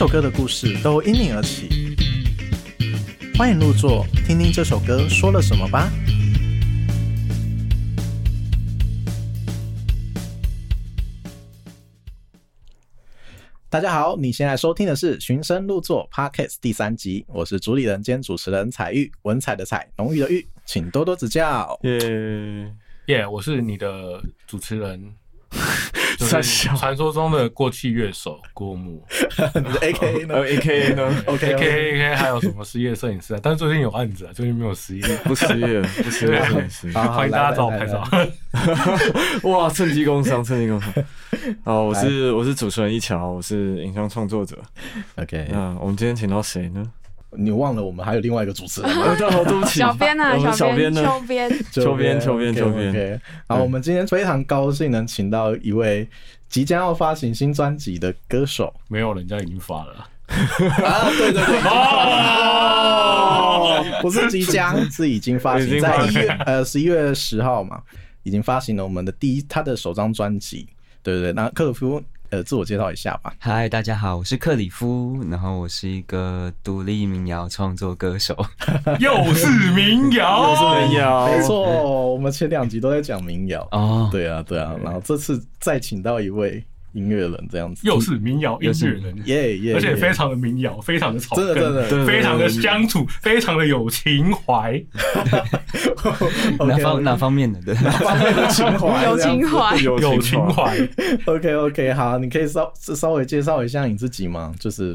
這首歌的故事都因你而起，歡迎入座，聽聽這首歌說了什麼吧。大家好，你現在收聽的是《循聲入座》Podcast 第三集，我是主理人兼主持人彩玉文采的彩，濃郁的郁，請多多指教。耶耶，我是你的主持人。傳、就是、說中的過氣樂手郭木，A K A 呢？A K A 呢？O K A K A K A 還有什麼失業攝影師啊？ 但最近有案子啊，最近沒有失業， 不失業，不失業攝影師，歡 迎大家找我拍照。 哇，趁機工商，趁機工商。哦， 我是我是主持人一樵，我是影像創作者。O、okay. K，那我們今天請到誰呢？你忘了我們還有另外一個主持人， 小周、啊、小編呢，我們小編呢，秋編，秋編，秋編，秋編。然、okay, okay. 我們今天非常高興能請到一位即將要發行新專輯的歌手，嗯、沒有，人家已經發了。 啊、對對對， 哦， 不是即將， 是已經發行，在一月 呃十一月十號嘛，已經發行了我們的第一他的首張專輯，對對對，然後克呃，自我介紹一下吧。嗨，大家好，我是克里夫，然後我是一個獨立民謠創作歌手。 又是民謠， 又是民謠，沒錯，我們前兩集都在講民謠啊。對啊，對啊，然後這次再請到一位。 音樂人這樣子，又是民謠音樂人，又是，耶耶，而且非常的民謠，非常的草根，真的真的非常的鄉土，非常的有情懷。 哪方 哪方面的？ 哪方面的情懷？ 有情懷懷， 有情懷懷。 OK OK，好，你可以稍稍微介紹一下你自己嗎？就是，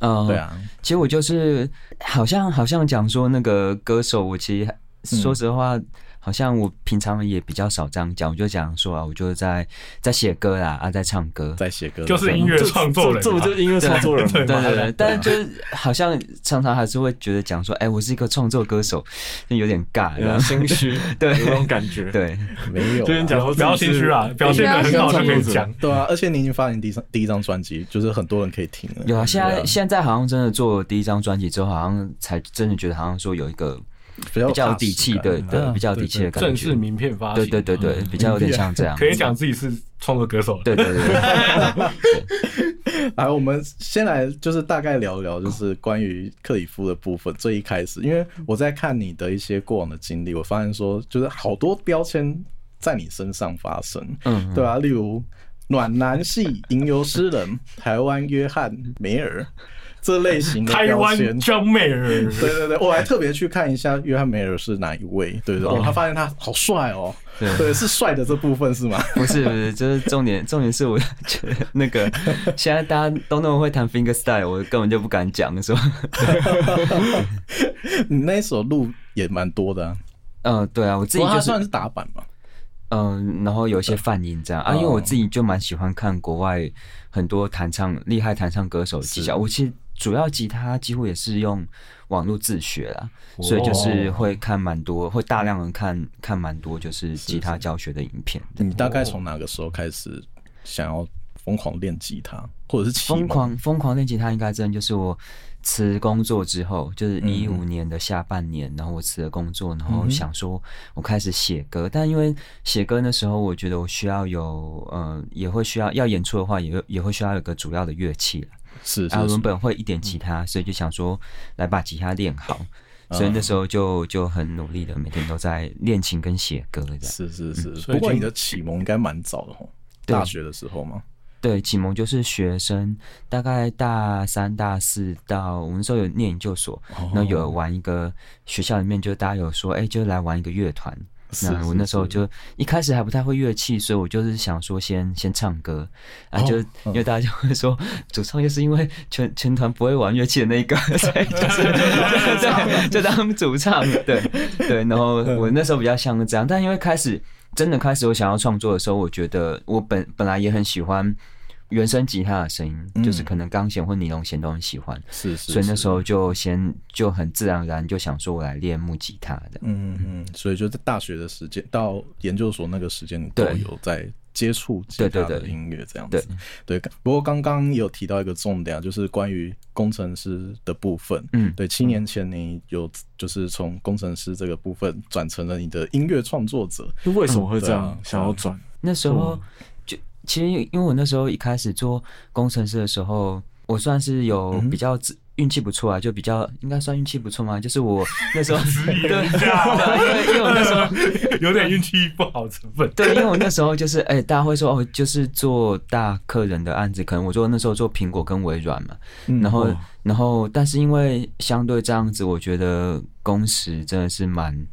嗯、呃，對啊，其實我就是好像好像講說那個歌手，我其實、嗯、說實話。好像我平常也比較少這樣講，我就講說啊，我就是在在寫歌啦啊，在唱歌，在寫歌，就是音樂創作人，這不就是音樂創作人嘛？對對對，嗯、但是就是好像常常還是會覺得講說，哎、欸，我是一個創作歌手，就有點尬，然後心虛，對，有種感覺，對，沒有，就講說不要心虛啊，表現得很好就可以講、欸，對啊。而且你已經發行第第一張專輯，就是很多人可以聽了。有啊，現在對、啊、現在好像真的做了第一張專輯之後，好像才真的覺得好像說有一個。比較，比較有底氣，嗯啊、對，對對，比較有底氣的感覺。正式名片發行，對對對對，比較有點像這樣。可以講自己是創作歌手， 對對對，對。 來，我們先來就是大概聊一聊，就是關於克里夫的部分。最一開始，因為我在看你的一些過往的經歷，我發現說就是好多標籤在你身上發生，嗯，對啊，例如暖男系吟遊詩人， 台灣約翰梅爾。這類型的台灣人，John Mayer，對對對，我還特別去看一下約翰梅爾是， 是哪一位，對然對，對、oh, 哦？他發現他好帥哦，對，對是帥的這部分是嗎？不是不是，就是重點重點是我 那個現在大家都那麼會彈 fingerstyle，我根本就不敢講，是吧？ 你那一首錄也蠻多的，啊，嗯、呃，對啊，我自己就是，哇算是打板嘛，嗯、呃，然後有些泛音這樣啊，因為我自己就蠻喜歡看國外很多彈唱厲害彈唱歌手的技巧，我其實。主要吉他幾乎也是用網絡自學啦、哦，所以就是會看蠻多、哦，會大量的看看蠻多就是吉他教學的影片。是是你大概從哪個時候開始想要瘋狂練吉他，或者是？瘋狂瘋狂練吉他應該真的就是我辭工作之後，就是一五年的下半年，嗯、然後我辭了工作，然後想說我開始寫歌，嗯嗯，但因為寫歌那時候我覺得我需要有呃，也會需要要演出的話也，也也會需要有個主要的樂器啦。是，是，是，然後原本會一點吉他、嗯，所以就想說來把吉他練好、嗯，所以那時候就就很努力的每天都在練琴跟寫歌。是是是，不、嗯、過你的啟蒙應該蠻早的哦。大學的時候嗎？對，啟蒙就是學生，大概大三、大四到我們那時候有念研究所，那有玩一個學校裡面，就大家有說，哎、欸，就來玩一個樂團。那我那時候就一開始還不太會樂器，所以我就是想說先先唱歌啊，就因為大家就會說主唱就是因為全全團不會玩樂器的那一個，所以就是就當 就當主唱，對對。然後我那時候比較像個這樣，但因為開始真的開始我想要創作的時候，我覺得我本本來也很喜歡。原聲吉他的聲音、嗯，就是可能鋼弦或尼龍弦都很喜歡，是,是是。所以那時候就先就很自然而然就想說，我來練木吉他的。嗯嗯所以就在大學的時間到研究所那個時間，都有在接觸吉他的音樂這樣子。對,對,對,對,對。不過剛剛有提到一個重點啊，就是關於工程師的部分。嗯。對，七年前你有就是從工程師這個部分轉成了你的音樂創作者、嗯，為什麼會這樣想要轉、嗯？那時候。其實，因為我那時候一開始做工程師的時候，我算是有比較運氣不錯啊、嗯，就比較應該算運氣不錯嘛。就是我那時候 對，因為因為我那時候 有點運氣不好成分。 對，因為我那時候就是哎、欸，大家會說哦，就是做大客人的案子，可能我做那時候做蘋果跟微軟嘛、嗯，然後然後，但是因為相對這樣子，我覺得工時真的是蠻。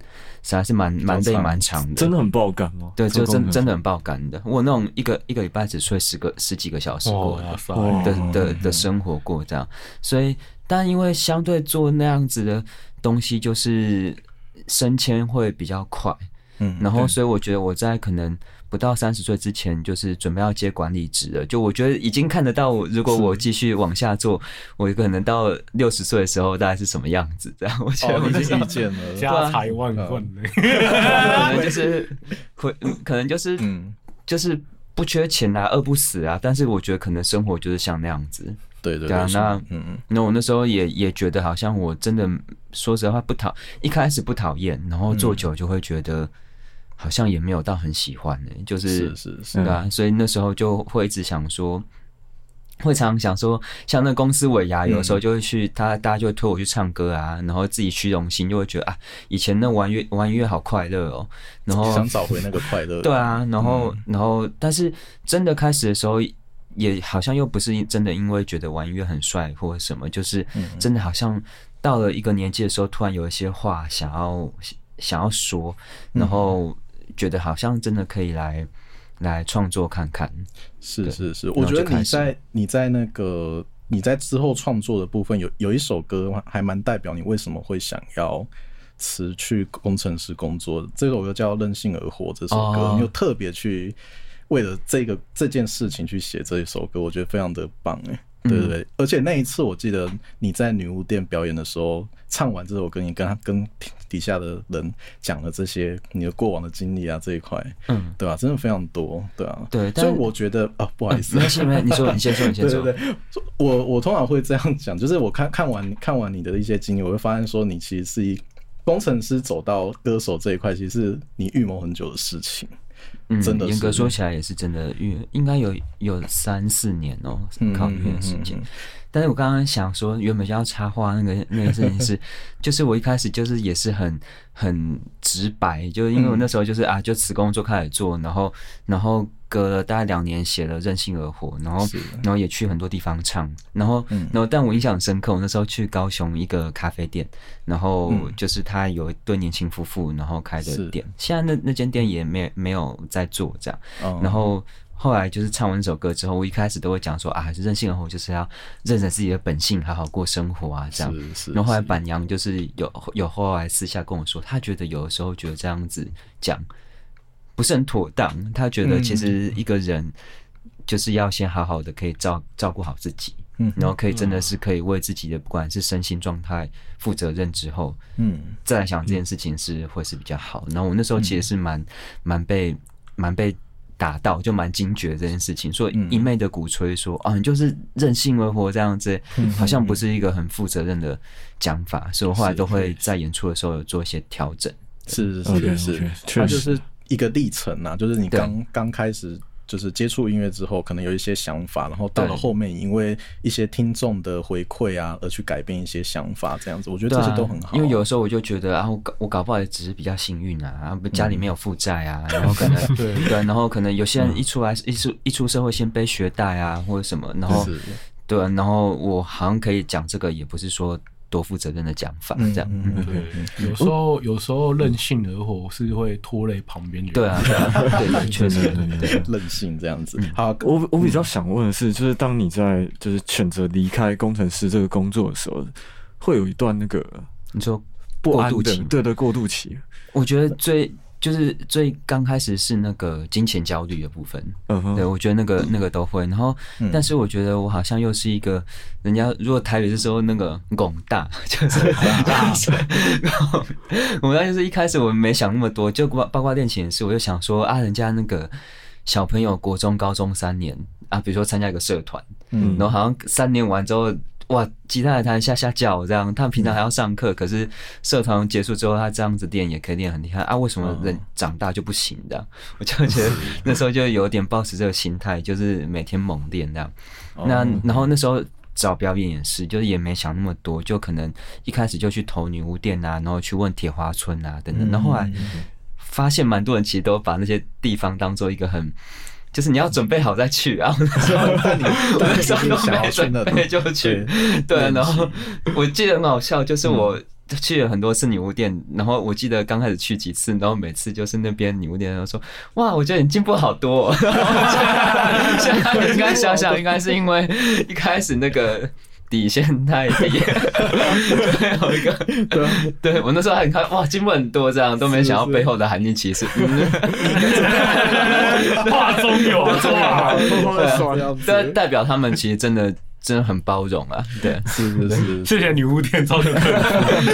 其實是還是蠻蠻累蠻長的，真的很爆肝哦。對，就真真的很爆肝的。我那種一個一個禮拜只睡十個十幾個小時過的的的，的，的生活過這樣，所以但因為相對做那樣子的東西，就是升遷會比較快。嗯，然後所以我覺得我在可能。不到三十歲之前，就是準備要接管理職了。就我覺得已經看得到，如果我繼續往下做，我可能到六十歲的時候，大概是什麼樣子？這樣，我覺得我就得，哦、已經預見了，啊、家財萬貫、嗯 就是，可能就是，可可能就是，就是不缺錢啊，餓不死啊。但是我覺得可能生活就是像那樣子。對對，對，對啊，那、嗯、那我那時候也也覺得好像我真的說實話不討一開始不討厭，然後做久就會覺得。嗯好像也沒有到很喜歡呢、欸，就是是是，是啊，所以那時候就會一直想說，嗯、會常常想說，像那公司尾牙，有時候就會去，他大家就會推我去唱歌啊，嗯、然後自己虛榮心就會覺得啊，以前那玩樂玩音樂好快樂哦、喔，然後想找回那個快樂， 對啊，然後然後但是真的開始的時候，也好像又不是真的因為覺得玩音樂很帥或者什麼，就是真的好像到了一個年紀的時候，突然有一些話想要想要說，然後。嗯覺得好像真的可以來來創作看看，是是是。我覺得你在你在那個你在之後創作的部分，有有一首歌還蠻代表你為什麼會想要辭去工程師工作的，這首歌叫《任性而活》這首歌，oh. 你有特別去為了這個這件事情去寫這一首歌，我覺得非常的棒誒。對對對，而且那一次我記得你在女巫店表演的時候，嗯、唱完之後，我跟你跟他跟底下的人講了這些你的過往的經歷啊這一塊，嗯，對吧、啊？真的非常多，對啊。對，所以我覺得啊，不好意思，嗯、是是你說你先，先說，你先說。對對對，我我通常會這樣講，就是我看看完看完你的一些經歷，我會發現說你其實是一工程師走到歌手這一塊，其實是你預謀很久的事情。嗯，嚴格說起來也是真的，因為應該有有三四年哦，喔，考慮的時間，嗯嗯嗯嗯。但是我剛剛想說，原本就要插話，那個那個事情是， 就是我一開始就是也是很很直白，就是因為我那時候就是、嗯、啊，就辭工作開始做，然後然後隔了大概兩年，寫了《任性而活》，然後，然後也去很多地方唱，然後，嗯、然後，但我印象深刻。我那時候去高雄一個咖啡店，然後就是他有一對年輕夫婦，然後開的店。現在那那間店也沒沒有在做這樣、哦。然後後來就是唱完那首歌之後，我一開始都會講說啊，是《任性而活》，就是要認識自己的本性，好好過生活啊，這樣。然後後來板娘就是有有後來私下跟我說，她覺得有的時候覺得這樣子講，不是很妥當，他覺得其實一個人就是要先好好的可以照照顧好自己，嗯，然後可以真的是可以為自己的不管是身心狀態負責任之後，嗯，再來想這件事情是會是比較好。然後我那時候其實是蠻蠻、嗯、被蠻被打到，就蠻驚覺這件事情，嗯、所以一昧的鼓吹說哦、啊、你就是任性而活這樣子、嗯，好像不是一個很負責任的講法，所以我後來都會在演出的時候有做一些調整。是是是是，他確是。是一個歷程吶、啊，就是你剛剛開始就是接觸音樂之後，可能有一些想法，然後到了後面，因為一些聽眾的回饋啊，而去改變一些想法，這樣子，我覺得這些都很好、啊啊。因為有時候我就覺得、啊，然我，我搞不好也只是比較幸運啊，然、嗯、後家裡沒有負債啊，然後可能 對，對，然後可能有些人一出來、嗯、一出一出社會先背學貸啊或者什麼，然後是是對，然後我好像可以講這個，也不是說。多負責任的講法、嗯，這樣。對，有時候有時候任性而活、嗯、是會拖累旁邊的人。對啊，對啊，確 實，任性這樣子。好，我我比較想問的是，就是當你在就是選擇離開工程師這個工作的時候，會有一段那個等等你說過渡期，對的過渡期。我覺得最。就是最剛開始是那個金錢焦慮的部分，嗯哼，對，我覺得那個那個都會。然後，嗯，但是我覺得我好像又是一個人家，如果台語是說那個“拱大”，就是然後， 我那就是一開始我沒想那麼多，就八卦練團室，我就想說啊，人家那個小朋友國中、高中三年啊，比如說參加一個社團，嗯，然後好像三年完之後。哇，吉他彈下下腳這樣，他平常還要上課，可是社團結束之後，他這樣子練也可以練很厲害啊！為什麼人長大就不行的？我就覺得那時候就有點抱持這個心態，就是每天猛練這樣。 那然後那時候找表演也是，就是也沒想那麼多，就可能一開始就去投女巫店啊，然後去問鐵花村啊、等等。然後後來發現蠻多人其實都把那些地方當做一個很。就是你要準備好再去啊、嗯！對，準備好準備就去。對，然後我記得很好笑，就是我去了很多次女巫店，然後我記得剛開始去幾次，然後每次就是那邊女巫店人說：“哇，我覺得你進步好多。 ”現在應該想想，應該是因為一開始那個。底線太低，有 一個，對，我那時候還看，哇，進步很多，這樣都沒想到背後的含義其實，畫、嗯嗯、 中有話，對，這、嗯、代表他們其實真的。真的很包容啊，對，是是是，謝謝女巫店。造就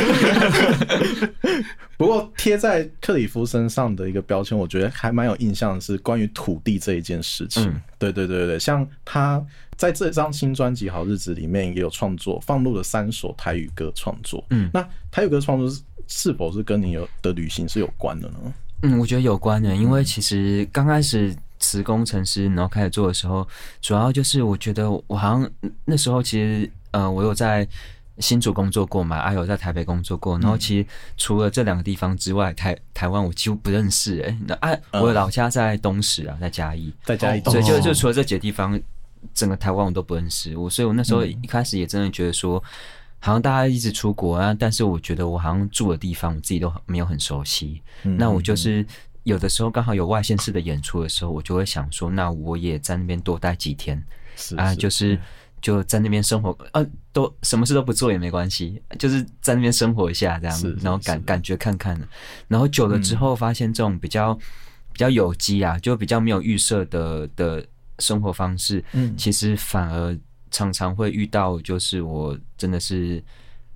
不過貼在克里夫身上的一個標籤，我覺得還蠻有印象，是關於土地這一件事情。對對對對像他在這張新專輯《好日子》裡面也有創作，放入了三首台語歌創作。嗯，那台語歌創作是否是跟你有的旅行是有關的呢？嗯，我覺得有關的，因為其實剛開始。辭工程師，然後開始做的時候，主要就是我覺得我好像那時候其實呃，我有在新竹工作過嘛，啊，有在台北工作過，然後其實除了這兩個地方之外，台台灣我幾乎不認識誒、欸，那啊，我的老家在東石啊，在嘉義，在嘉義，東。所以就就除了這幾個地方，整個台灣我都不認識，我，所以我那時候一開始也真的覺得說，嗯、好像大家一直出國啊，但是我覺得我好像住的地方，我自己都沒有很熟悉，嗯、那我就是。有的時候剛好有外縣市的演出的時候，我就會想說，那我也在那邊多待幾天，啊，就是就在那邊生活，呃，都什麼事都不做也沒關係，就是在那邊生活一下這樣，然後感感覺看看，然後久了之後發現這種比較比較有機啊，就比較沒有預設的的生活方式，嗯，其實反而常常會遇到，就是我真的是。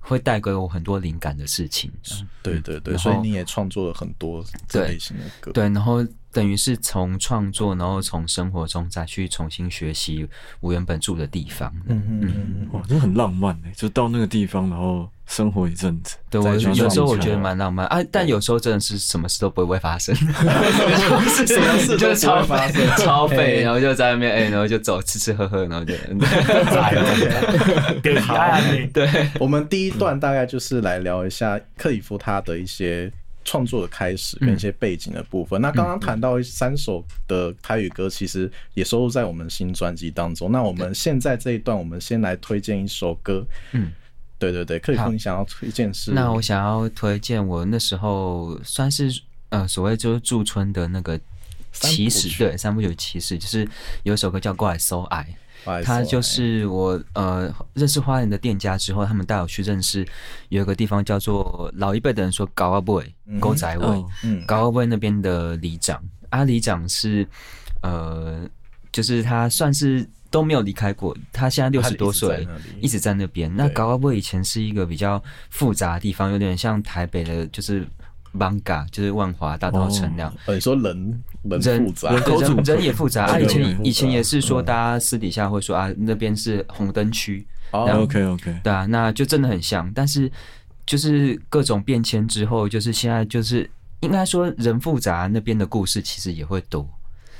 會帶給我很多靈感的事情，嗯、對對對，所以你也創作了很多這類型的歌，對，對，然後等於是從創作，然後從生活中再去重新學習我原本住的地方，嗯哼嗯嗯，哇，這很浪漫誒，就到那個地方，然後。生活一陣子，對，我有時候我覺得蠻浪漫，啊，但有時候真的是什麼事都不會發生， 什麼事都不會 就是超發生超廢，欸，然後就在外面哎，然後就走吃吃喝喝，然後就對， 對，對，對，對。我們第一段大概就是來聊一下克里夫他的一些創作的開始跟，嗯、一些背景的部分。嗯，那剛剛談到三首的台語歌，其實也收錄在我們新專輯當中、嗯。那我們現在這一段，我們先來推薦一首歌，嗯。對對對，可以。那我想要推薦，我那時候算是呃，所謂就是駐村的那個騎士，對，三部曲騎士，就是有一首歌叫《我的所愛》，他就是我呃認識花蓮的店家之後，他們帶我去認識有一個地方叫做老一輩的人說高阿伯溝仔尾，高阿伯、嗯、那邊的里長，阿、啊、里長是呃，就是他算是。都沒有離開過，他現在六十多歲，一直在那邊。那高島屋以前是一個比較複雜的地方，有點像台北的，就是 Banga，就是萬華大稻埕了、哦啊。你說人，人複雜，人,人,人,人也複雜。 啊，以前以前也是說，大家私底下會說啊，那邊是紅燈區、哦。OK OK，對啊，那就真的很像。但是就是各種變遷之後，就是現在就是應該說人複雜，那邊的故事其實也會多。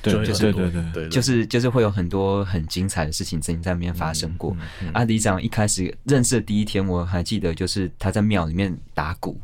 對，就是對對對，對，對對對就，就是就是會有很多很精彩的事情曾經在那邊發生過。阿里長，一開始認識的第一天，我還記得，就是他在廟裡面打鼓，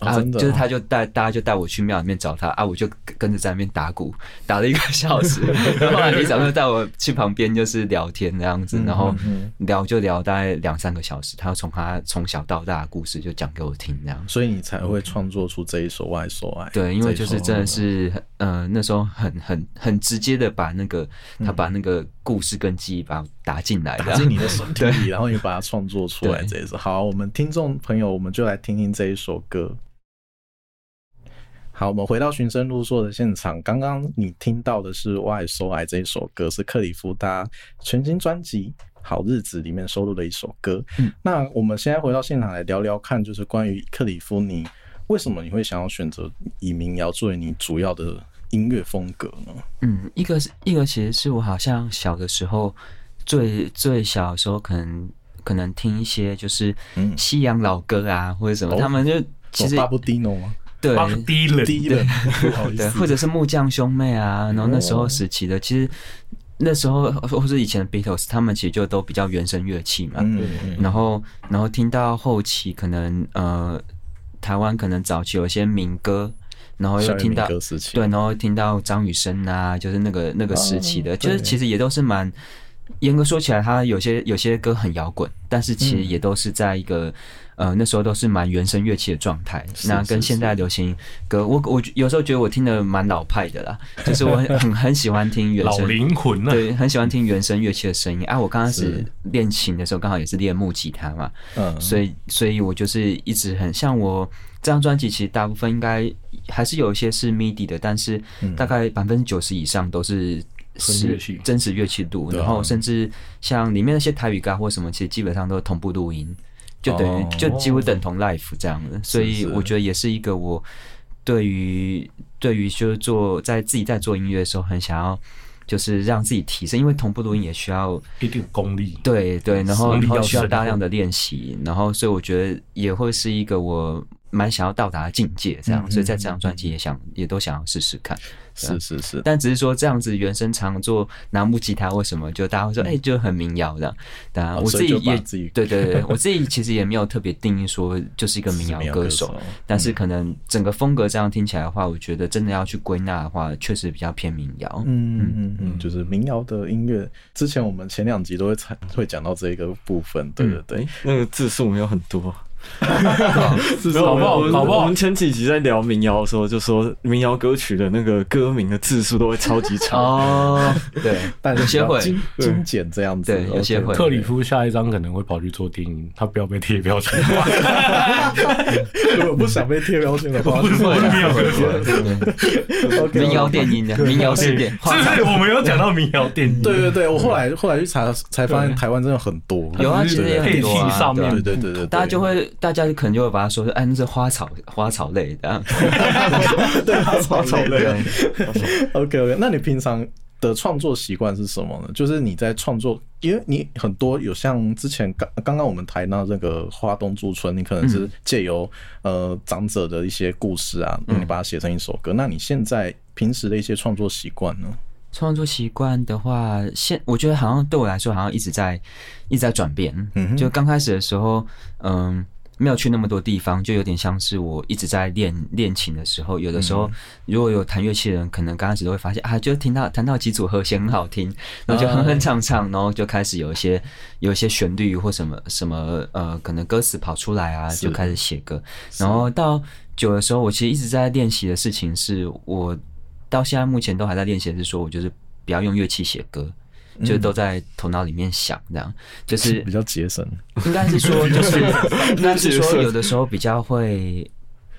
然後就是他就帶大家就帶我去廟裡面找他，啊，我就跟着在那邊打鼓，打了一個小時。然後阿里長就帶我去旁邊就是聊天那樣子，然後聊就聊大概兩三個小時，他從他從小到大的故事就講給我聽那樣。所以你才會創作出這一首我的所愛，對，因為就是真的是。呃，那時候很很很直接的把那個、嗯、他把那個故事跟記憶把它打進來，打進你的身體裡，然後你把它創作出來這一首。好，我們聽眾朋友，我們就來聽聽這一首歌。好，我們回到循聲入座的現場。剛剛你聽到的是《我的所愛》這一首歌，是克里夫他全新專輯《好日子》裡面收錄的一首歌，嗯。那我們現在回到現場來聊聊看，就是關於克里夫尼，為什麼你會想要選擇以民謠作為你主要的音樂風格呢？嗯，一個是一個，其實是我好像小的時候，最最小的時候可能可能聽一些就是嗯西洋老歌啊、嗯、或者什麼，他們就其實巴布狄倫的嗎？對，巴布狄倫，對，或者是木匠兄妹啊，然後那時候時期的，哦、其實那時候或者以前的 Beatles，他們其實就都比較原聲樂器嘛。嗯，嗯，嗯，然後然後聽到後期可能呃。台灣可能早期有些民歌，然後又聽到，對，然後又聽到張雨生啊，就是那個那個時期的，啊，就是其實也都是蠻。嚴格說起來，他有些有些歌很搖滾，但是其實也都是在一個、嗯、呃那時候都是蠻原聲樂器的狀態。是是是，那跟現在流行歌，我我有時候覺得我聽的蠻老派的啦，就是我很很喜歡聽原聲、老靈魂、啊、對，很喜歡聽原聲樂器的聲音。啊，我剛開始練琴的時候，剛好也是練木吉他嘛，嗯，所以所以我就是一直很像我這張專輯，其實大部分應該還是有一些是 MIDI 的，但是大概百分之九十以上都是。是真實樂器度、啊，然後甚至像裡面那些台語歌或什麼，其實基本上都是同步錄音，就等於、哦、就幾乎等同 live 這樣的、哦。所以我覺得也是一個我對於對於就是做在自己在做音樂的時候，很想要就是讓自己提升，因為同步錄音也需要一定功力，對，對對，然後然後需要大量的練習，然後所以我覺得也會是一個我。蠻想要到達的境界，這樣嗯嗯嗯，所以在這張專輯也想，也都想要試試看，是是是。但只是說這樣子，原聲常做拿木吉他，為什麼就大家會說，哎、嗯欸，就很民謠的？當然我自己也自己對對對， 我自己其實也沒有特別定義說就是一個民謠歌,歌手，但是可能整個風格這樣聽起來的話，嗯、我覺得真的要去歸納的話，確實比較偏民謠。嗯嗯嗯，就是民謠的音樂、嗯，之前我們前兩集都會才會講到這一個部分、嗯，對對對，那個字數沒有很多。 沒有，我們我們前幾集在聊民謠的時候，就說民謠歌曲的那個歌名的字數都會超級長啊、 哦。對，有些會精簡這樣子，對，有些會。克里夫下一張可能會跑去做電影，他不要被貼標籤。哈哈，如果我不想被貼標籤、啊，我不想被貼標籤。民、啊、謠電影，民謠、哎、電影，就是我們有講到民謠電影。對對對，我後來後來去查，才發現台灣真的很多，有啊，其實也很多啊，對對，對對對對，大家就會。大家就可能就會把它說是哎，那是花草花草、啊、 花草類的。對， 花草類。對。OK OK，那你平常的創作習慣是什麼呢？就是你在創作，因為你很多有像之前剛剛剛我們談到，這個花東駐村，你可能是借由、嗯、呃長者的一些故事啊，你把它寫成一首歌，嗯。那你現在平時的一些創作習慣呢？創作習慣的話，現我覺得好像對我來說，好像一直在一直在轉變。嗯、就剛開始的時候，嗯、呃。沒有去那麼多地方，就有點像是我一直在練練琴的時候。有的時候、嗯，如果有彈樂器的人，可能剛開始都會發現啊，就聽到彈到幾組和弦很好聽，然後就哼哼唱唱，然後就開始有一些有一些旋律或什麼什麼呃，可能歌詞跑出來啊，就開始寫歌。然後到久的時候，我其實一直在練習的事情是，我到現在目前都還在練習的是說，我就是不要用樂器寫歌。就都在頭腦裡面想，這樣、嗯、就是比較節省，應該是說就是，應 該是說有的時候比較會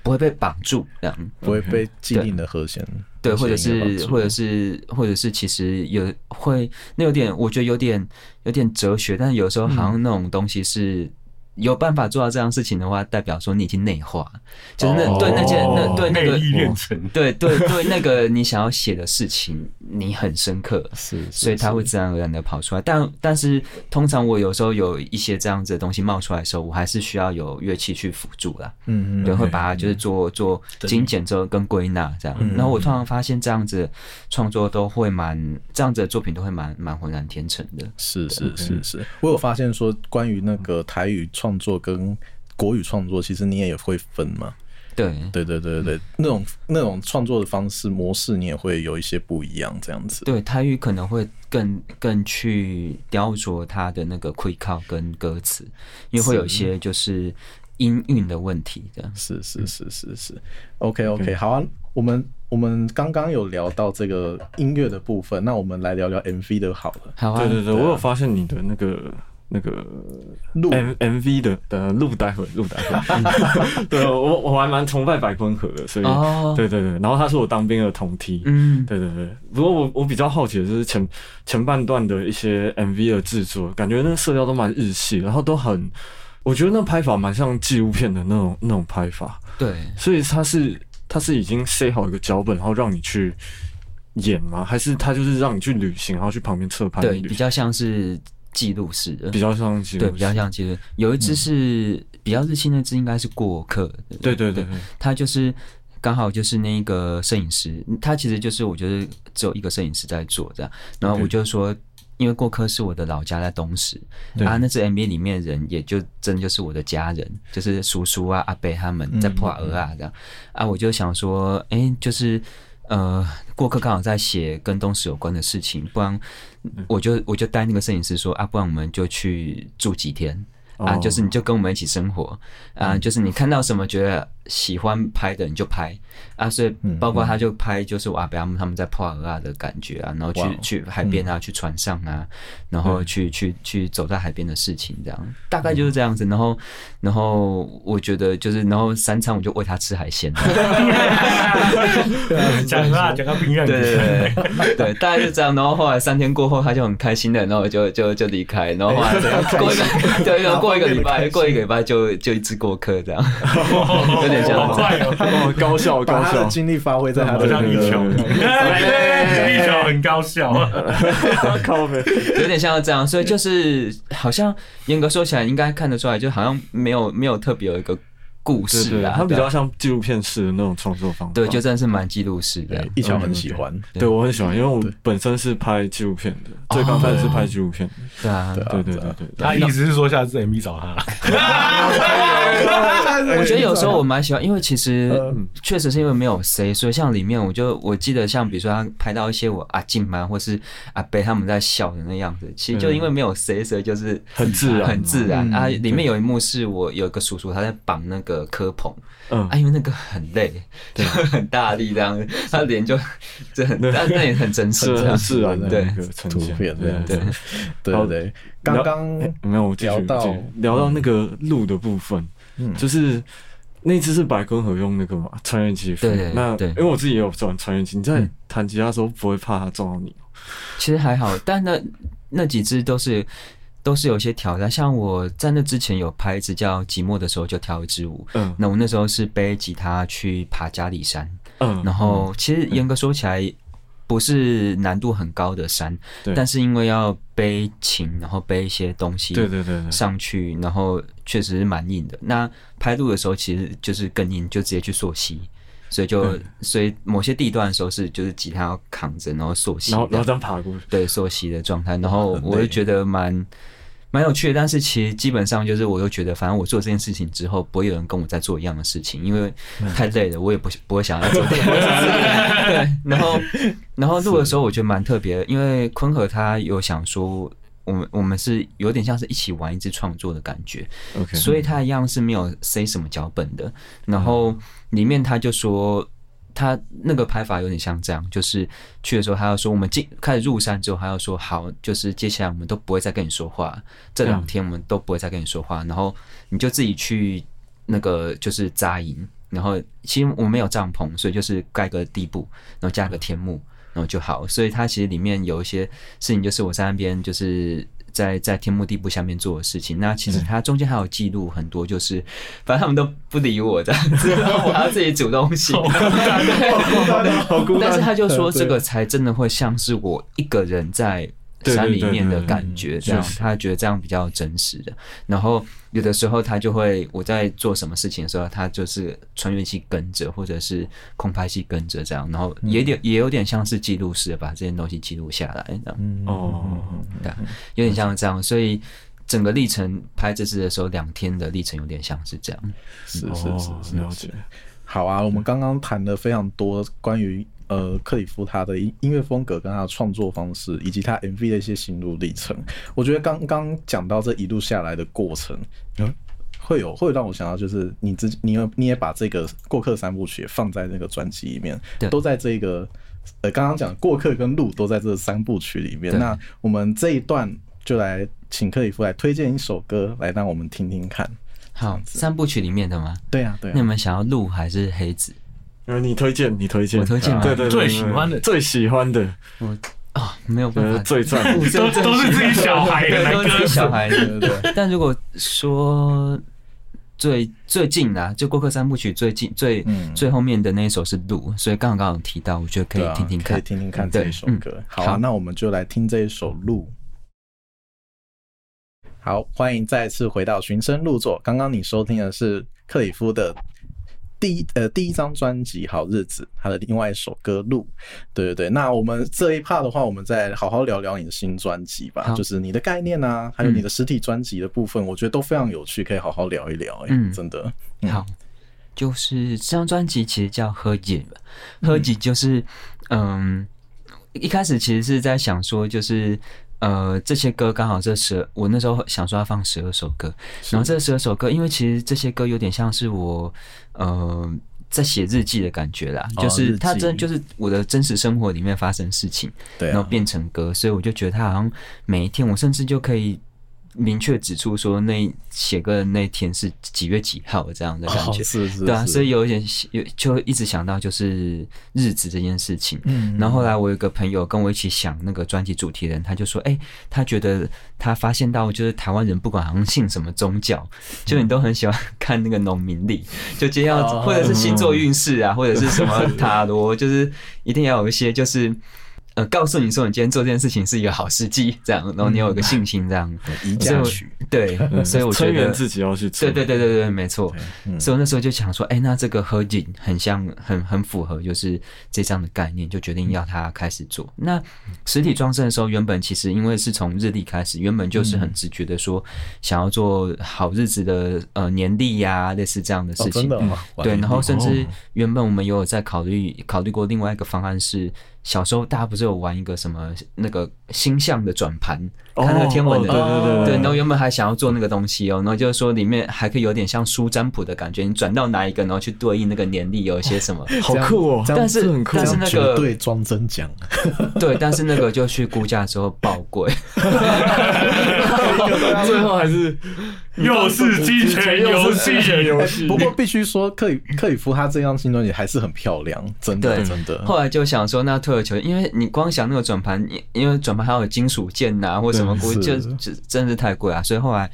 不會被綁住，這樣不會被既定的和弦，對，或者是或者是或者是，者是者是其實有會那有點，我覺得有點有點哲學，但是有時候好像那種東西是。嗯有辦法做到這樣事情的話，代表說你已經內化，就是那對那件那對那個意念對對對，那個你想要寫的事情，你很深刻，是，所以它會自然而然的跑出來。但但是通常我有時候有一些這樣子的東西冒出來的時候，我還是需要有樂器去輔助啦。嗯嗯，就會把它就是做做精簡之後跟歸納這樣。然後我突然發現這樣子創作都會蠻這樣子的作品都會蠻蠻渾然天成的，是是是是。我有發現說關於那個台語創。創作跟國語創作，其實你也會分嘛？對，對，對，對，對，對，那種那種創作的方式模式，你也會有一些不一樣，這樣子。對，台語可能會更更去雕琢它的那個 quick 靠，跟歌詞，因為會有一些就是音韻的問題的。這樣是是是是是。OK OK，好啊。我們我們剛剛有聊到這個音樂的部分，那我們來聊聊 MV 的，好了。好啊。對對對，對啊。我有發現你的那個。那個錄 M MV 的的錄帶和錄帶，等等呆呆 對，我我還蠻崇拜百坤河的，所以、哦、對對對，然後他是我當兵的同梯，嗯，對對對。不過我我比較好奇的就是前前半段的一些 MV 的制作，感覺那個色調都蠻日系，然後都很，我覺得那拍法蠻像紀錄片的那種那種拍法。對，所以他是他是已經塞好一個腳本，然後讓你去演嗎？還是他就是讓你去旅行，然後去旁邊側拍？對，比較像是。記錄式的，比較像其實，對，比較像、嗯、有一隻是比較日系，那隻應該是過客。對對對，對，他就是剛好就是那個攝影師，他其實就是我覺得只有一個攝影師在做這樣。然後我就說，因為過客是我的老家在東石，對對對對啊，那隻 MV 裡面的人也就真就是我的家人，就是叔叔啊、阿伯他們在普洱啊這樣。嗯嗯嗯啊，我就想說，哎、欸，就是。呃，過客剛好在寫跟東石有關的事情，不然我就我就帶那個攝影師說啊，不然我們就去住幾天，oh. 啊，就是你就跟我們一起生活，oh. 啊，就是你看到什麼覺得。喜歡拍的你就拍啊，所以包括他就拍，就是啊，比們他們在破拉的感覺啊，然後去去海邊啊、嗯，去船上啊，然後去、嗯、去去走在海邊的事情這樣，大概就是這樣子。然後、嗯、然後我覺得就是，然後三餐我就餵他吃海鮮，講、嗯、講 對，冰，對對，大概就這樣。然後後來三天過後，他就很開心的，然後就就就離開。然後後來、欸、過一個對過一個禮拜，過一個禮拜就就一次過客這樣。好快哦！高效高效， 把他的精力發揮在他的那個， 對，一球很高效， 有點像這樣，所以就是好像嚴格說起來，應該看得出來，就好像沒有沒有特別有一個。故事啊，他比較像紀錄片式的那種創作方法。對,對，就真的是蠻紀錄式的。一樵很喜歡，對,對,對,對,對我很喜歡，因為我本身是拍紀錄片的，對，剛開始是拍紀錄片。對啊，對對對對,啊對,啊對,啊對啊他意思是說，下次也 M V 找他了。 我覺得有時候我蠻喜歡，因為其實確實是因為沒有誰，所以像裡面我就我記得，像比如說他拍到一些我阿靖嘛，或是阿北他們在笑的那樣子，其實就因為沒有誰，所以就是很自然，很自然啊。裡面有一幕是我有一個叔叔他在綁那個。磕碰，嗯，啊，因為那個很累，對，就很大力量，這樣，他臉就就很，那那也很真實，很自然的那個，的對，圖片對對對，對對對，好的。剛剛沒有聊到、欸、續聊到那個路的部分，嗯，就是那只是白坤和用那個嘛，穿越機飛對，對，對，那對對對，因為我自己也有轉穿越機，你在彈吉他的時候不會怕他撞到你、嗯。其實還好，但那那幾隻都是。都是有些挑戰，像我在那之前有拍一支叫《寂寞的時候就跳一支舞》。嗯，那我那時候是背吉他去爬加里山。嗯，然後其實嚴格說起來，不是難度很高的山，但是因為要背琴，然後背一些東西，對對對，上去，然後確實是蠻硬的。那拍路的時候，其實就是更硬，就直接去溯溪，所以就、嗯、所以某些地段的時候是就是吉他要扛着，然後溯溪，然後，然後這樣爬過去，對溯溪的狀態，然後我就覺得蠻、嗯。蠻有趣的，但是其實基本上就是，我又覺得，反正我做這件事情之後，不會有人跟我再做一樣的事情，因為太累了，我也不不會想要做這樣的事。 對。然後，然後錄的時候，我覺得蠻特別的，因為坤和他有想說，我們我們是有點像是一起玩一支創作的感覺，okay. 所以他一樣是沒有 say 什麼腳本的，然後裡面他就說。他那個拍法有點像這樣，就是去的時候，他要說我們進開始入山之後，他要說好，就是接下來我們都不會再跟你說話，這兩天我們都不會再跟你說話，然後你就自己去那個就是扎營，然後其實我們沒有帳篷，所以就是蓋個地布，然後加個天幕，然後就好。所以他其實裡面有一些事情，就是我在那邊就是。在在天幕地布下面做的事情，那其實他中間還有記錄很多，就是反正他們都不理我這樣子，嗯、 然後我要自己煮東西。 孤單 對對對對 但是他就說，這個才真的會像是我一個人在。對對對對對對，山裡面的感覺，這樣是是他覺得這樣比較真實的。然後有的時候他就會，我在做什麼事情的時候，他就是穿越機跟着，或者是空拍機跟着這樣。然後也有、嗯、也有點像是記錄似的，把這些東西記錄下來這樣。哦、嗯嗯嗯嗯嗯嗯嗯嗯，有點像這樣、嗯。所以整個歷程拍這次的時候，兩天的歷程有點像是這樣。嗯、是是是是，是、哦、是，好啊！我們剛剛談了非常多關於。呃，克里夫他的音音樂風格跟他的創作方式，以及他 MV 的一些心路歷程。我覺得剛剛講到這一路下來的過程，嗯，會有會讓我想到，就是你自己，你有你也把這個過客三部曲放在那個專輯裡面，對，都在這個呃剛剛講過客跟路都在這三部曲裡面。那我們這一段就來請克里夫來推薦一首歌來讓我們聽聽看。好，三部曲裡面的嗎？對啊對啊。那你們想要路還是黑子？呃、嗯，你推薦，你推薦，我推薦，對對對，對，最喜歡的，最喜歡的，我啊、哦，沒有辦法，最讚，都 都是自己小孩的，都是自己小孩的， 對，孩的 對，對，對。但如果說最最近呢、啊，就《過客》三部曲最近最、嗯、最後面的那一首是《路》，所以剛剛剛好提到，我覺得可以聽聽看，啊、可以聽聽看這一首歌。嗯、好，好那我們就來聽這一首《路》。好，歡迎再次回到錄作《循聲入座》。剛剛你收聽的是克里夫的。第一呃，第一張專輯《好日子》，它的另外一首歌《路》，對對對。那我們這一 part 的話，我們再好好聊聊你的新專輯吧，就是你的概念啊，還有你的實體專輯的部分，嗯，我覺得都非常有趣，可以好好聊一聊，欸嗯。真的，嗯，你好，就是這張專輯其實叫解《hó-ji̍t》，hó-ji̍t 就是嗯，嗯，一開始其實是在想說就是。呃，這些歌剛好這十二，我那時候想說要放十二首歌，然後這十二首歌，因為其實這些歌有點像是我，呃，在寫日記的感覺啦，哦、就是它真的就是我的真實生活裡面發生事情，對，然後變成歌，所以我就覺得它好像每一天，我甚至就可以。明確指出說那寫歌的那天是幾月幾號這樣的感覺，對啊，所以有點有就一直想到就是日子這件事情。嗯，然後後來我有個朋友跟我一起想那個專輯主題的人，他就說，哎，他覺得他發現到就是台灣人不管好像信什麼宗教，就你都很喜歡看那個農民曆，就今天要或者是星座運勢啊，或者是什麼塔羅，就是一定要有一些就是。呃，告訴你說，你今天做這件事情是一個好時機，這樣，然後你有一個信心，這樣。宜、嗯嗯、家取對，所以我覺得 成員自己要去做。對對對對對，沒錯、嗯。所以那時候就想說，哎、欸，那這個合景很像，很很符合，就是這，這樣的概念，就決定要他開始做。嗯、那實體裝幀的時候，原本其實因為是從日曆開始，原本就是很直覺的說，想要做好日子的呃年曆呀、啊，類似這樣的事情、哦、真的哦。對，然後甚至原本我們也有在考慮考慮過另外一個方案是。小時候大家不是有玩一個什麼那個星象的轉盤，oh、看那個天文的，oh、對，對，對對對，然後原本還想要做那個東西哦、喔，然後就是說裡面還可以有點像書占卜的感覺，你轉到哪一個，然後去對應那個年曆有一些什麼，好酷哦、喔，但是但是那個對裝幀獎。對，但是那個就去估價的時候爆貴。 最後還是又是機械又是機械遊戲，不過必須說克里克里夫他這張新專輯，還是很漂亮，真的真的。後來就想說那退而求，因為你光想那個轉盤，因為轉盤還有金屬件吶、啊，或什麼，估計就，就真真是太貴了、啊，所以後來。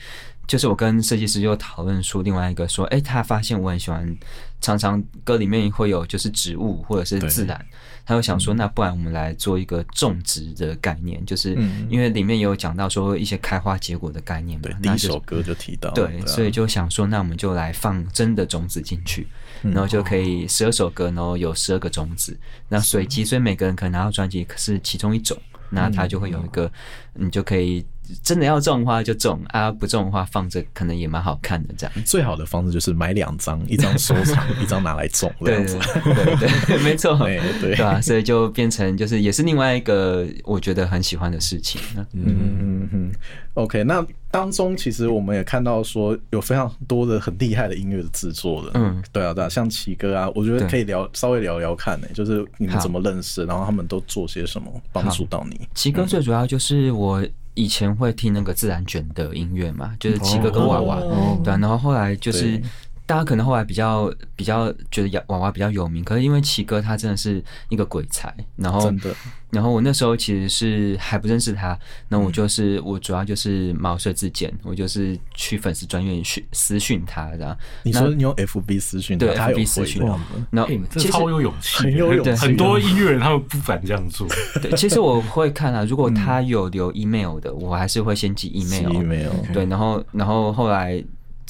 就是我跟設計師就討論出另外一個說，誒、欸、他發現我很喜歡，常常歌裡面會有就是植物或者是自然，他又想說，那不然我們來做一個種植的概念，嗯、就是因為裡面有講到說一些開花結果的概念嘛。對，那第一首歌就提到。對，對啊、所以就想說，那我們就來放真的種子進去、嗯，然後就可以十二首歌，然後有十二個種子，那隨機，所以每個人可能拿到專輯，可是其中一種，那、嗯、他就會有一個，嗯、你就可以。真的要種的話就種啊，不種的話放着可能也蠻好看的。這樣，最好的方式就是買兩張，一張收藏， 一張拿來種。這樣子， 對，對，對，對對，沒錯， 對對，對、啊、所以就變成就是也是另外一個我覺得很喜歡的事情。 嗯嗯嗯，OK。那當中其實我們也看到說有非常多的很厲害的音樂的製作的。嗯，對啊，對啊，像奇哥啊，我覺得可以聊稍微聊一聊看、欸，就是你們怎麼認識，然後他們都做些什麼幫助到你。奇哥最主要就是我。以前會聽那個自然卷的音樂嘛，就是七哥跟娃娃，oh. 對，然後後來就是。大家可能後來比較比較覺得洋娃娃比較有名，可是因為奇哥他真的是一個鬼才，然後真的，然後我那時候其實是還不認識他，那我就是、嗯、我主要就是毛遂自薦，我就是去粉絲專頁訊私訊他，知、嗯、道你說你用 F B 私訊，對，F B 私訊，那這超有勇氣很有勇氣。很多音樂人他們不敢這樣做對對。其實我會看啊，如果他有留 email 的，嗯、我還是會先寄 email。email 對，然後然後後來。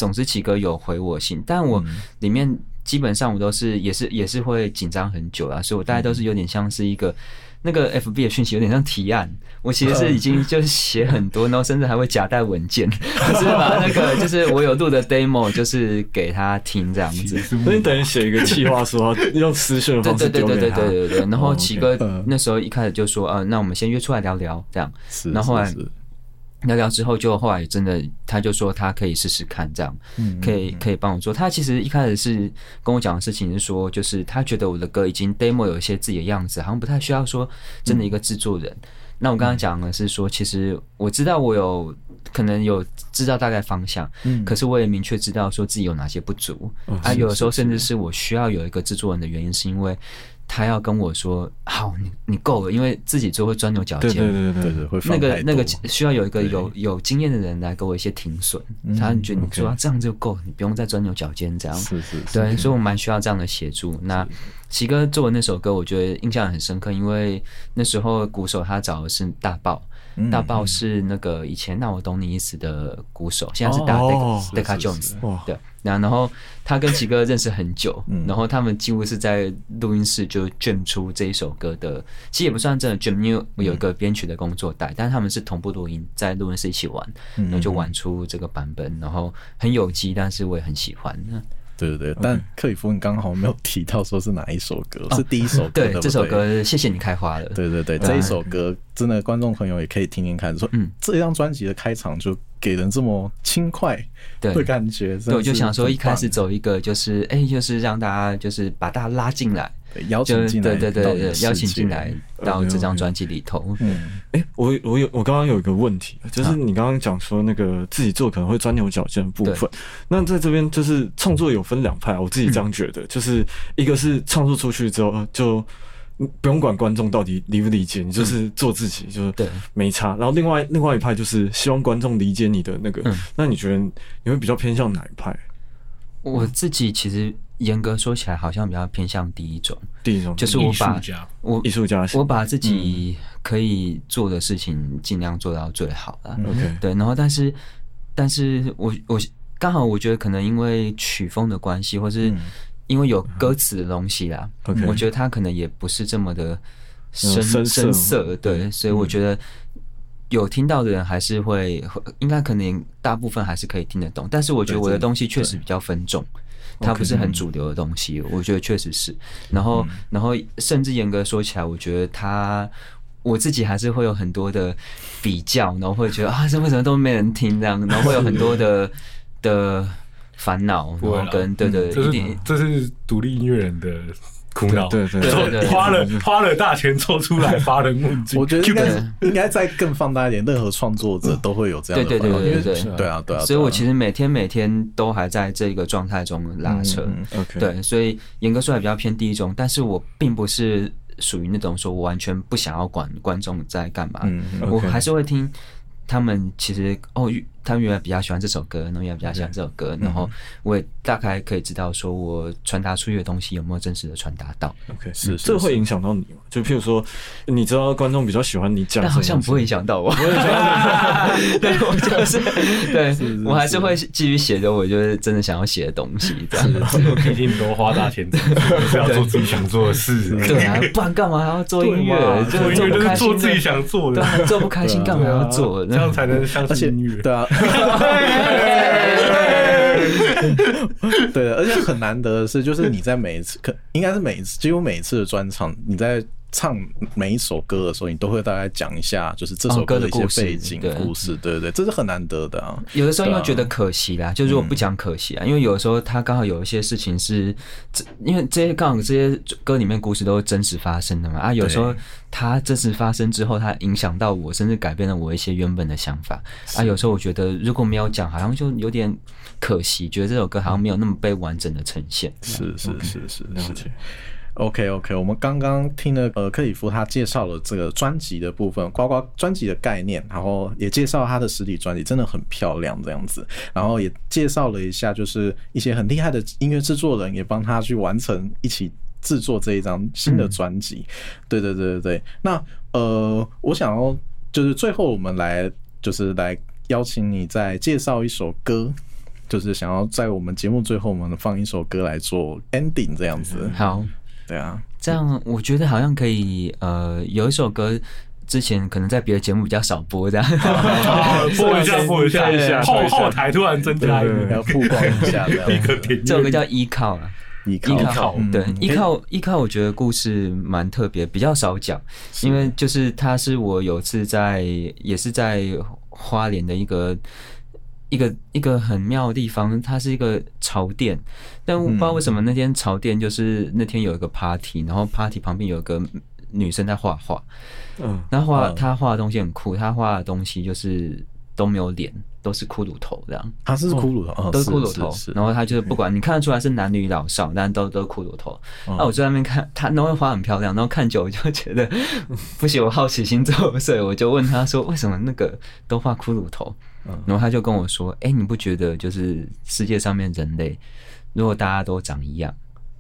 總之，啟哥有回我信，但我裡面基本上我都是也是也是會緊張很久啦，所以我大概都是有點像是一個那個 FB 的訊息，有點像提案。我其實是已經就是寫很多，然後甚至還會夾帶文件，就是把那個就是我有錄的 demo，就是給他聽這樣子。那你等於寫一個企劃書，用私訊的方式丟給他。對對對對對對對,對。然後啟哥那時候一開始就說：“呃，那我們先約出來聊聊這樣。”然後後來。聊聊之後，就後來真的，他就說他可以試試看，這樣，可以可以幫我做。他其實一開始是跟我講的事情是說，就是他覺得我的歌已經 demo 有一些自己的樣子，好像不太需要說真的一個制作人。那我剛剛講的是說，其實我知道我有可能有知道大概方向，可是我也明確知道說自己有哪些不足啊。有的時候甚至是我需要有一個制作人的原因，是因為。他要跟我說：“好，你你夠了，因為自己就會鑽牛角尖。”對對對對對對，那個對對對會放那個需要有一個有對對對有經驗的人來給我一些停損。他覺得你說這樣就夠，你不用再鑽牛角尖這樣。是是，是是。對，所以，我蠻需要這樣的協助。是是是，那齊哥做的那首歌，我覺得印象很深刻，因為那時候鼓手他找的是大爆。大爆是那個以前《那我懂你意思》的鼓手，嗯，現在是打 Deca，哦 ·joins。對，那然後他跟吉哥認識很久，嗯，然後他們幾乎是在錄音室就 jam 出這一首歌的。其實也不算真的 jam，因為我有一個編曲的工作帶，嗯，但是他們是同步錄音，在錄音室一起玩，嗯，然後就玩出這個版本，然後很有機，但是我也很喜歡。對對對，但克里夫你剛好沒有提到說是哪一首歌？哦、是第一首歌、嗯、對，對，對這首歌，謝謝你開花了。對對對，這一首歌真的觀眾朋友也可以聽聽看說，說嗯，這張專輯的開場就給人這麼輕快的感覺的。對，就想說一開始走一個就是哎，就是讓大家就是把大家拉進來。嗯邀請進來，對對對對到的，邀請進來到這張專輯裡頭。Okay, okay. 嗯。哎、欸，我我有我剛剛有一個問題，就是你剛剛講說那個自己做可能會鑽牛角尖的部分。啊、那在這邊就是創作有分兩派、嗯，我自己這樣覺得，就是一個是創作出去之後就不用管觀眾到底理不理解、嗯，你就是做自己，就是對，沒差。然後另外另外一派就是希望觀眾理解你的那個、嗯，那你覺得你會比較偏向哪一派？我自己其實嚴格說起來，好像比較偏向第一種，第一種就是我把我藝術家，我把自己可以做的事情盡量做到最好了、嗯。對，然後但是但是我我剛好我覺得可能因為曲風的關係，或是因為有歌詞的東西啦、嗯，我覺得它可能也不是這麼的深、嗯、深色。對，所以我覺得。有聽到的人還是會，應該可能大部分還是可以聽得懂，但是我覺得我的東西確實比較分眾，它不是很主流的東西，我，我覺得確實是。然後，嗯、然後甚至嚴格說起來，我覺得它我自己還是會有很多的比較，然後會覺得 啊，這為什麼都沒人聽這樣，然後會有很多的 的煩惱，然後跟對對對，一、嗯、這是這是獨立音樂人的。苦惱，對對對，花了花了大錢做出來，發的夢，我覺得應該應該再更放大一點，任何創作者都會有這樣的。對對，對對對對對對啊對啊！啊啊啊、所以我其實每天每天都還在這個狀態中拉扯，嗯 okay。對，所以嚴格說還比較偏第一種，但是我並不是屬於那種說我完全不想要管觀眾在幹嘛，嗯 okay，我還是會聽他們。其實哦。他們原來比較喜歡這首歌，然後也比較喜歡這首歌，嗯，然後我也大概可以知道，說我傳達出去的東西有沒有真實的傳達到。OK，是這是會影響到你嗎？就譬如說，你知道觀眾比較喜歡你講什麼，但好像不會影響到我。對我， 是 我就是，對是是是，我還是會繼續寫着我，我就是真的想要寫的東西。這樣，肯定都花大錢的，對要做自己想做的事，啊 對。對，不然幹嘛還要做音樂？做音樂就是做自己想做的。做不開心幹嘛要做？這樣才能相信音樂。對啊。哈哈哈哈哈！對的，而且很難得的是，就是你在每一次，可，應該是每一次，幾乎每一次的專場，你在。唱每一首歌的時候，你都會大概講一下，就是這首歌的一些背景、哦、故事，對、故事、對、嗯、對對，這是很難得的啊。有的時候又覺得可惜啦，嗯、就如果不講可惜啊，因為有時候他剛好有一些事情是這，因為這些剛好這些歌裡面故事都是真實發生的嘛。啊，有時候他真實發生之後，他影響到我，甚至改變了我一些原本的想法。啊，有時候我覺得如果沒有講，好像就有點可惜，覺得這首歌好像沒有那麼被完整的呈現。嗯嗯嗯、是是是是是、嗯。是是是是 OK OK，我們剛剛聽了呃，克里夫他介紹了這個專輯的部分，呱呱專輯的概念，然後也介紹他的實體專輯真的很漂亮這樣子，然後也介紹了一下，就是一些很厲害的音樂製作人也幫他去完成一起製作這一張新的專輯。嗯、對對對對對。那呃，我想要就是最後我們來就是來邀請你再介紹一首歌，就是想要在我們節目最後我們放一首歌來做 ending 這樣子，好。對啊，這樣我覺得好像可以。呃，有一首歌，之前可能在別的節目比較少播，這樣播 對、 哦、一下，播一下一下，後後台突然增加一點要曝光一下。這個叫依靠啊依靠，對，依靠依靠， 一 嗯、我覺得故事蠻特別，比較少講，因為就是它是我有次在也是在花蓮的一個。一個一個很妙的地方，它是一個潮店，但我不知道為什麼那天潮店就是那天有一個 party，、嗯、然後 party 旁邊有一個女生在畫畫，嗯，那畫她畫的東西很酷，她畫的東西就是都沒有臉，都是骷髏頭這樣。她是骷髏頭，都是骷髏頭，、哦骷髏頭，然後她就是不管、嗯、你看得出來是男女老少，但是都都骷髏頭。那、嗯、我在那邊看，她那畫很漂亮，然後看久我就覺得 不行，我好奇心作祟，所以我就問她說為什麼那個都畫骷髏頭。然後他就跟我說：“哎、欸，你不覺得就是世界上面的人類，如果大家都長一樣，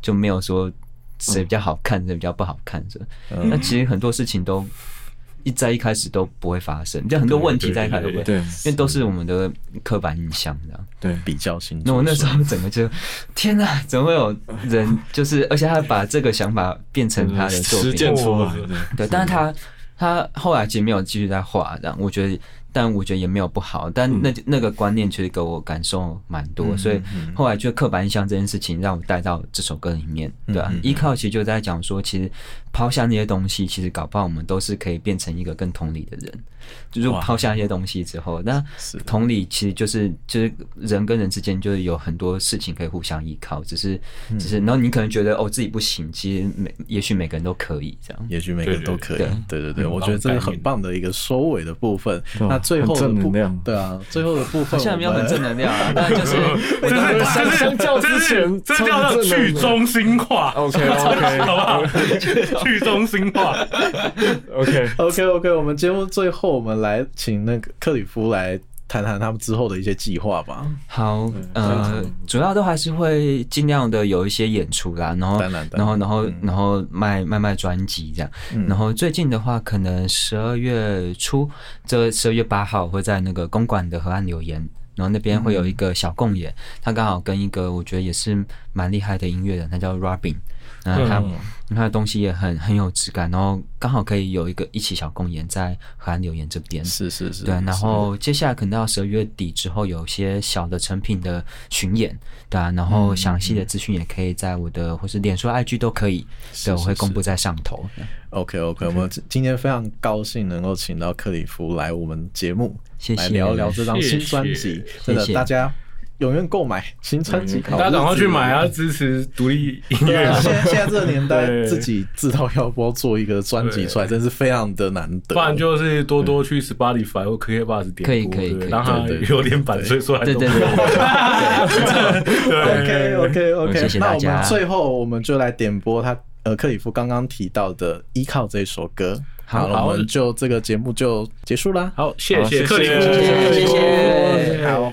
就沒有說誰比較好看，誰比較不好看的？那、嗯、其實很多事情都一在一開始都不會發生，嗯、就很多問題在一開始對對對對，因為都是我們的刻板印象這樣。對，比較性。那我那時候整個就，天哪、啊，怎麼會有人就是？而且他把這個想法變成他的作品出來，對。是的，但是他他後來其實沒有繼續在畫這樣，我覺得。”但我覺得也沒有不好，但那那個觀念其實給我感受蠻多，嗯，所以後來就刻板印象這件事情讓我帶到這首歌裡面，嗯、對吧、啊嗯？依靠其實就在講說，其實拋下那些東西，其實搞不好我們都是可以變成一個更同理的人。就是拋下一些東西之後，那同理其實就是就是人跟人之間就是有很多事情可以互相依靠，只是、嗯、只是然後你可能覺得哦自己不行，其實也每也許每個人都可以這樣，也許每個人都可以，對對對，對，對，對對對對，我覺得這是很棒的一個收尾的部分。那、哦最後的能量，對啊，最後的部分，好像沒有很正能量啊， 就是就是相相較之前，這叫做去中心化 ，OK OK， 好不吧好？去 中心化，OK okay, OK OK，我們節目最後，我們來請那個克里夫來。談談他們之後的一些計劃吧。好，呃，主要都還是會盡量的有一些演出啦，然後，然,然,然後，然後，嗯、然後賣賣賣專輯這樣、嗯。然後最近的話，可能十二月初，這十二月八號會在那個公館的河岸留言，然後那邊會有一個小共演，嗯、他剛好跟一個我覺得也是蠻厲害的音樂人，他叫 Robin。那他、嗯，他的東西也很很有質感，然後剛好可以有一個一起小公演在河岸留言這邊。是是是，對是是。然後接下來可能到十二月底之後，有些小的成品的巡演，對、啊、然後詳細的資訊也可以在我的、嗯、或是臉書、IG 都可以是是是，對，我會公布在上頭。是是是嗯、okay, OK OK，我們今天非常高興能夠請到克里夫來我們節目，謝、謝。聊聊這張新專輯，謝謝、謝、謝大家。踴躍購買新專輯，大家趕快去買啊！支持獨立音樂。現現在這個年代，自己自掏腰包做一個專輯出來，對對真是非常的難得。不然就是多多去 Spotify 或者 KKBOX 點播對對，可以可以，可以，可以對對對對，讓他有點版稅出來。對對對。OK OK OK，, OK 謝謝大家。那我們最後，我們就來點播他呃，克里夫剛剛提到的《依靠》這一首歌。好，我們就這個節目就結束啦。好，謝謝，謝謝，謝謝，謝謝。好。謝謝